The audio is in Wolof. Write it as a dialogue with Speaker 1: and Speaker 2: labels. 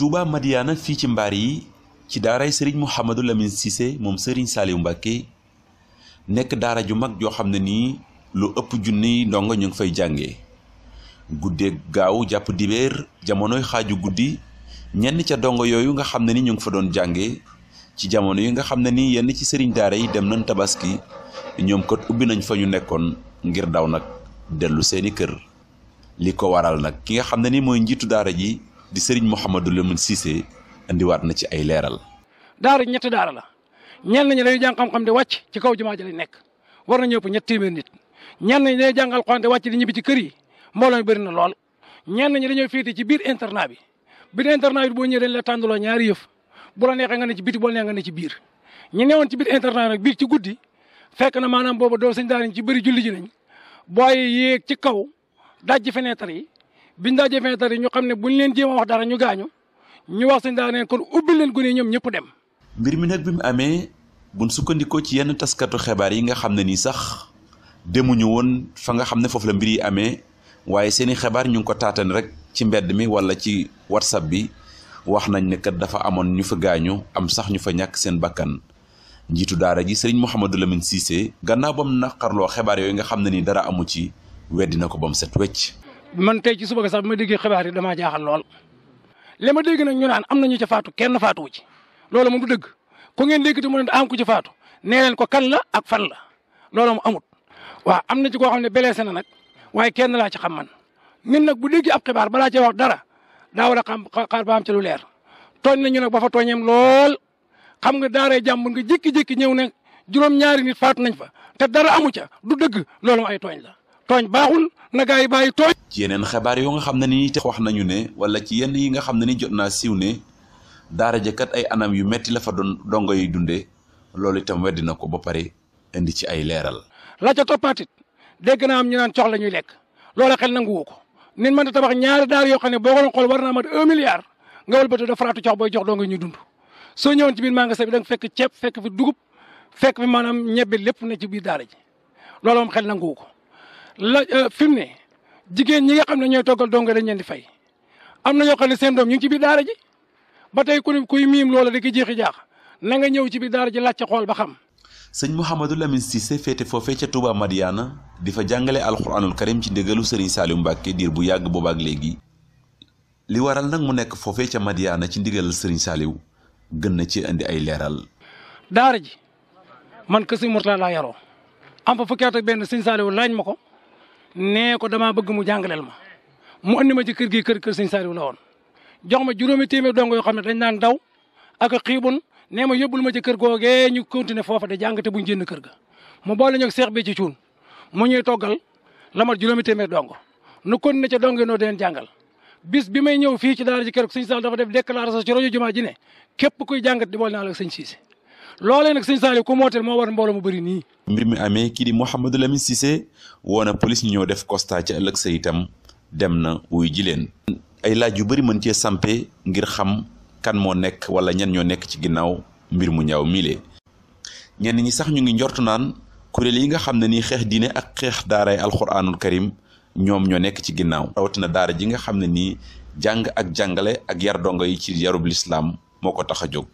Speaker 1: Touba Madiana fii ci mbaar yi ci daaray sëriñ Mouhamadou Lamine Cissé moom sëriñ Saliou Mbacké nekk daara ju mag joo xam ne nii lu ëpp junniy ndongo ñu ngi fay jànge guddee gaaw jàpp dibeer jamonoy xaaju guddi ñenn ca dongo yooyu nga xam ne ni ñu ngi fa doon jànge ci jamono yi nga xam ne ni yenn ci sëriñ daara yi dem nañ tabaski ñoom kot ubbi nañ fa ñu nekkoon ngir daw nag dellu seeni kër li ko waral nag ki nga xam ne ni mooy njiitu daara ji di sëriñ Mouhamadou Lamine Cissé indiwaat na ci ay leeral.
Speaker 2: daara ñetti daara la ñenn ñi dañuy jàng xam-xam di wàcc ci kaw jumaa ji lay nekk war na ñëpp ñett téeméer nit ñenn ñi dañuy jàngal alxuraan di wàcc di ñibbi ci kër yi mbooloo mi bëri na lool ñenn ñi dañoo féete ci biir internat bi biir internat bi boo ñëwee dañ la tàndaloo ñaari yëf bu la neexee nga ne ci biti bu la nga ne ci biir ñu newoon ci biir internat nag biir ci guddi fekk na maanaam booba doo sëñ daara ci bëri julli ji nañ booy ci kaw dajji fenêtre yi biñ daa jëfee tari ñu xam ne bu ñu leen jéem a wax dara ñu gaañu ñu wax seen daa ne kon ubbi leen gune ñoom ñëpp dem.
Speaker 1: mbir mi nag bi mu amee buñ sukkandikoo ci yenn taskatu xibaar yi nga xam ne nii sax demuñu woon fa nga xam ne foofu la mbir yi amee waaye seeni xibaar ñu ngi ko taatan rek ci mbedd mi wala ci whatsapp bi wax nañ ne kat dafa amoon ñu fa gaañu am sax ñu fa ñàkk seen bakkan. njiitu daara ji sëriñ Mouhamadou Lamine Cissé gannaaw ba mu naqarloo xibaar yooyu nga xam ne ni dara amu ci weddi na ko ba mu set wecc.
Speaker 2: man tey ci suba sax bi ma déggee xibaar yi damaa jaaxal lool. li ma dégg nag ñu naan am na ñu ca faatu kenn faatu ci loolu moom du dëgg ku ngeen dégg te mu ne am ku ci faatu ko kan la ak fan la loolu moom amut. waaw am na ci koo xam ne blessé na nag waaye kenn laa ci xam man ñun nag bu déggee ab xibaar balaa cee wax dara daa war xam xaar ba am ci lu leer tooñ ñu nag ba fa tooñeem lool xam nga daaray jàmm nga jékki-jékki ñëw ne juróom ñaari nit faatu nañ fa te dara amu ca du dëgg loolu ay tooñ la. tooñ baaxul na gaa yi bàyyi tooñ.
Speaker 1: ci yeneen xabaar yoo nga xam ne ni te wax nañu ne wala ci yenn yi nga xam ne ni jot naa siiw ne daara ja kat ay anam yu metti la fa doon dongo yi dundee loolu itam weddi ko ba pare indi ci ay leeral.
Speaker 2: la ca toppaatit dégg naa am ñu naan cox la ñuy lekk loola xel nanguwu ko nit man da tabax ñaari daar yoo xam ne boo ko xool war naa mat un milliard nga wëlbatu da faratu cox booy jox dongo ñuy dund soo ñëwoon ci biir magasin bi da fekk ceeb fekk fi dugub fekk fi maanaam ñebbe lépp na ci biir daara ji loolu xel nanguwu ko la euh, fi mu jigéen ñi nga xam ne ñooy toggal dongo dañ leen di fay am na ñoo xam ne seen doom ñu ngi ci biir daara ji ba tey ku kuy miim loola di ko jeexi jaax na nga ñëw ci biir daara ji laajte xool ba xam.
Speaker 1: sëñ Mouhamadou Lamine Cissé féete foofee ca Touba Madiana di fa jàngale alxuraanul karim ci ndégalu sëriñ Saliou Mbacke diir bu yàgg boobaak léegi. li waral nag mu nekk foofee ca Madiana ci ndigal sëriñ saaliw gën na ci indi ay leeral.
Speaker 2: daara ji man kër si Mourtala laa yaroo am fa benn sëñ Saliou laaj ma ko. nee ko damaa bëgg mu jàngaleel ma mu andi ma ci kër gi kër kër sëñ Saliou woon jox ma juróomi téeméer dong yoo xam ne dañ naan daw ak a xiibun nee ma yóbbul ma ci kër googee ñu continuer foofa de jàng bu buñ jënd kër ga. mu boole ñu ak seex bi ci cuun mu ñuy toggal la mat juróomi téeméer dong nu continuer ca dong noo deen jàngal bis bi may ñëw fii ci daara ji kër sëñ Saliou dafa def déclaration ci rojo jumaa ji ne képp kuy jàngat di boole naa la ak sëñ loolee nag sëñ Saliou ko mooteel moo war mbooloo mu bëri nii.
Speaker 1: mbir mi amee kii di Mouhamadou Lamine Cissé woo na police ñu ñëw def constat ci ëllëg sa itam dem na wuy ji leen. ay laaj yu bari mën cee sampe ngir xam kan moo nekk wala ñan ñoo nekk ci ginnaaw mbir mu ñaaw miile. ñenn ñi sax ñu ngi njort naan kuréel yi nga xam ne nii xeex diine ak xeex daaray alxuraanul karim ñoom ñoo nekk ci ginnaaw. rawatina daara ji nga xam ne nii jàng ak jàngale ak yar dongo yi ci yarub lislaam moo ko tax a jóg.